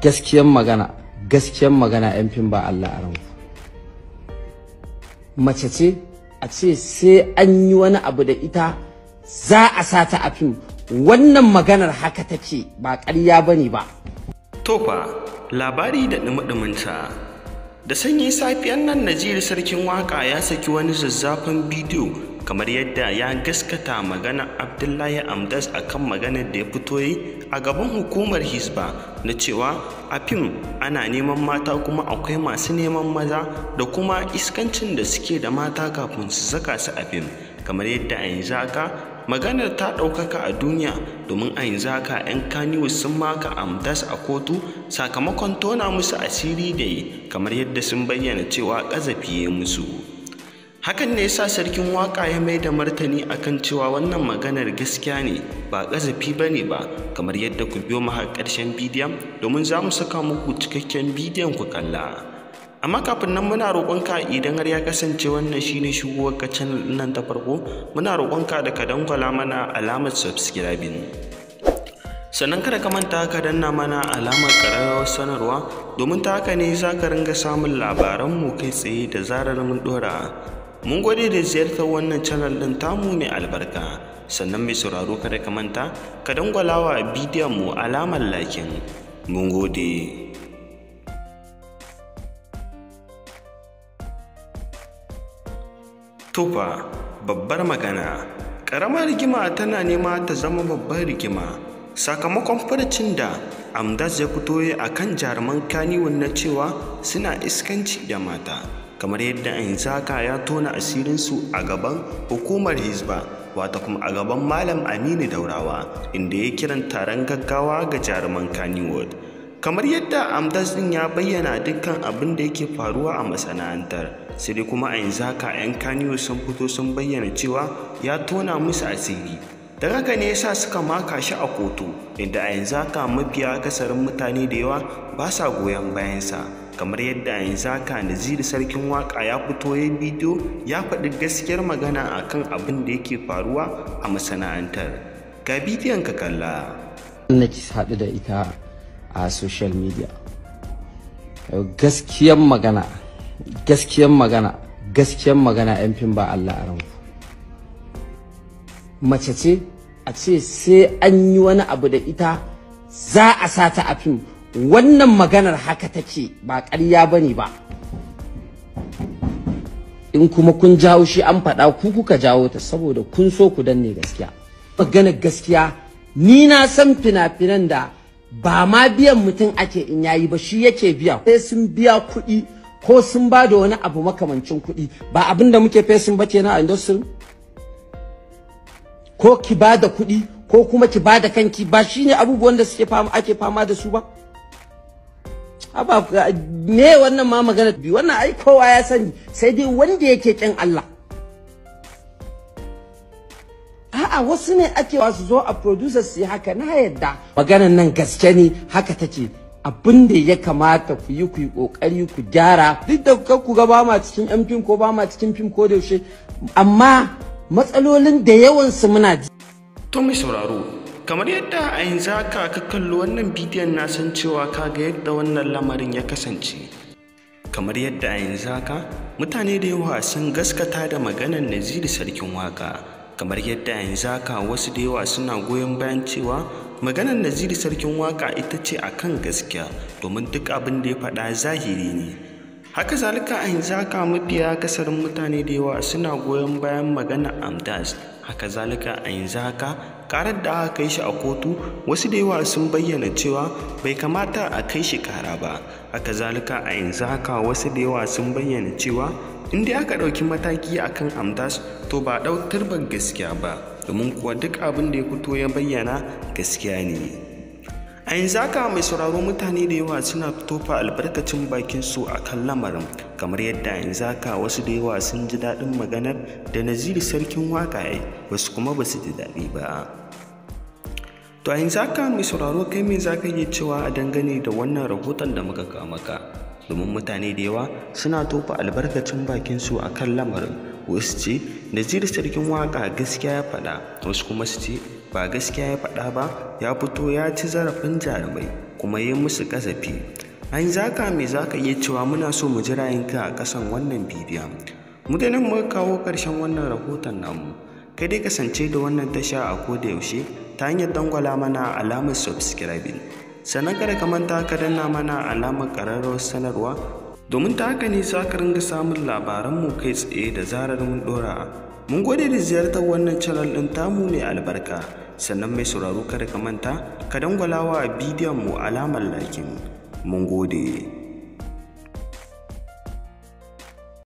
gaskiyan magana gaskiyan magana yan fin ba Allah a ranku mace ce a ce sai an yi wani abu da ita za a sata a fim wannan maganar haka take ba karya ba ne ba tofa labari da ɗumi da sanyi safiyan nan najeriya sarkin waka ya saki wani zazzafan bidiyo kamar yadda ya gaskata magana abdullahi amdas a kan maganar da ya fito yi a gaban hukumar hisba na cewa a fim ana neman mata kuma akwai masu neman maza da kuma iskancin da suke da mata kafin su saka su a fim kamar yadda a yanzu haka maganar ta ɗaukaka a duniya domin a yanzu haka 'yan kaniwa sun maka amdas a kotu sakamakon tona musu asiri da yi kamar yadda sun bayyana cewa ƙazafi musu hakan ne yasa sarkin waka ya mai da martani akan cewa wannan maganar gaskiya ne ba ƙazafi ba ne ba kamar yadda ku biyo mu har ƙarshen bidiyon domin za mu saka muku cikakken bidiyon ku kalla amma kafin nan muna roƙonka idan har ya kasance wannan shine shigowar ka channel nan ta farko muna roƙonka da ka dangwala mana alamar subscribing sannan kada ka manta ka danna mana alamar ƙararrawar sanarwa domin ta haka ne za ka ringa samun labaran mu kai tsaye da zarar mun ɗora mun gode da ziyartar wannan channel din tamu mai albarka sannan mai sauraro kada ka manta ka dangwalawa bidiyon mu alamar lakin mun gode tufa babbar magana ƙaramar rigima tana nema ta zama babbar rigima sakamakon farcin da Amdaz ya fito a kan jaruman kaniwan na cewa suna iskanci da mata kamar yadda a haka ya tona asirinsu a gaban hukumar hizba wata kuma a gaban malam aminu daurawa inda ya kiran taron gaggawa ga jaruman kaniwood kamar yadda amdas din ya bayyana dukkan abin da yake faruwa a masana'antar sai dai kuma a yanzu haka 'yan kaniwood sun fito sun bayyana cewa ya tona musu asiri daga haka ne yasa suka maka shi a kotu inda a yanzu haka mafiya kasarin mutane da yawa ba sa goyon bayansa kamar yadda a yanzu haka naziri sarkin waka ya fito ya bidiyo ya faɗi gaskiyar magana akan abin da yake faruwa a masana'antar ga bidiyon ka kalla na ki haɗu da ita a social media gaskiyar magana gaskiyar magana gaskiyar magana yan fim ba Allah a ranku mace ce a ce sai an yi wani abu da ita za a sata a fim wannan maganar haka ta ce ba ƙarya bane ba in kuma kun jawo shi an faɗa ku kuka jawo ta saboda kun so ku danne gaskiya maganar gaskiya ni na san fina-finan da ba ma biyan mutum ake in yayi ba shi yake biya sai sun biya kuɗi ko sun ba da wani abu makamancin kuɗi ba abin da muke fesin ba kenan a industry ko ki ba da kuɗi ko kuma ki ba da kanki ba shine abubuwan da suke ake fama da su ba haba me wannan ma magana bi wannan ai kowa ya sani sai dai wanda yake kin Allah a'a wasu ne ake wasu zo a producer su haka na yadda maganar nan gaske ne haka take abin da ya kamata ku yi ku yi kokari ku gyara duk da ku ga ba ma cikin yan fim ko ba ma cikin fim ko da yaushe amma matsalolin da yawan su muna ji to mai sauraro kamar yadda a yanzu haka ka kalli wannan bidiyon na san cewa ka ga yadda wannan lamarin ya kasance kamar yadda a yanzu haka mutane da yawa sun gaskata da maganar naziri sarkin waka kamar yadda a yanzu haka wasu da yawa suna goyon bayan cewa maganar naziri sarkin waka ita ce a kan gaskiya domin duk abin da ya faɗa zahiri ne haka zalika a yanzu haka mafiya kasarin mutane da yawa suna goyon bayan maganar amdas haka zalika a yanzu haka karar da aka kai shi a kotu wasu da yawa sun bayyana cewa bai kamata a kai shi kara ba haka zalika a yanzu haka wasu da yawa sun bayyana cewa in dai aka ɗauki mataki akan Amdas, to ba ɗautar ban gaskiya ba domin kuwa duk abin da ya fito ya bayyana gaskiya ne a yanzu mai sauraro mutane da yawa suna tofa albarkacin bakin su a lamarin kamar yadda yanzu zaka wasu da yawa sun ji daɗin maganar da naziri sarkin waka ya wasu kuma ba su ji daɗi ba to a yanzu mai sauraro kai mai zaka ka yi cewa a dangane da wannan rahoton da muka kawo maka domin mutane da yawa suna tofa albarkacin bakin su a lamarin wasu ce naziri sarkin waka gaskiya ya faɗa wasu kuma su ce ba gaskiya ya faɗa ba ya fito ya ci zarafin jarumai kuma ya musu ƙazafi an zaka mai zaka iya cewa muna so mu ji ka a ƙasan wannan mutanen mu muka kawo ƙarshen wannan rahoton namu kai dai kasance da wannan tasha a ko da yaushe ta hanyar dangwala mana alamar subscribing sannan kada ka manta ka danna mana alamar ƙararrawar sanarwa domin ta haka ne za ka ringa samun labaran mu kai tsaye da zarar mun ɗora mun gode da ziyartar wannan channel ɗin tamu mai albarka sannan mai sauraro kada ka manta ka dangwala a bidiyon mu alamar lakin mun gode